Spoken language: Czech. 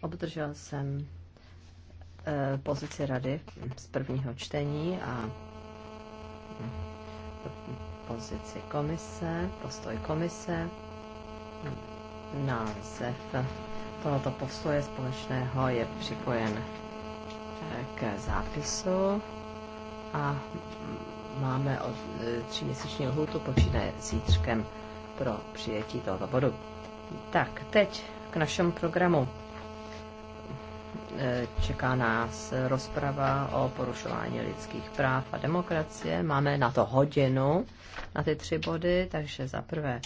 obdržel jsem eh, pozici rady z prvního čtení a hm, pozici komise, postoj komise, hm, název tohoto postoje společného je připojen eh, k zápisu a hm, máme od eh, tříměsíční lhůtu počínaje zítřkem pro přijetí tohoto bodu. Tak, teď k našemu programu. E, čeká nás rozprava o porušování lidských práv a demokracie. Máme na to hodinu, na ty tři body, takže za prvé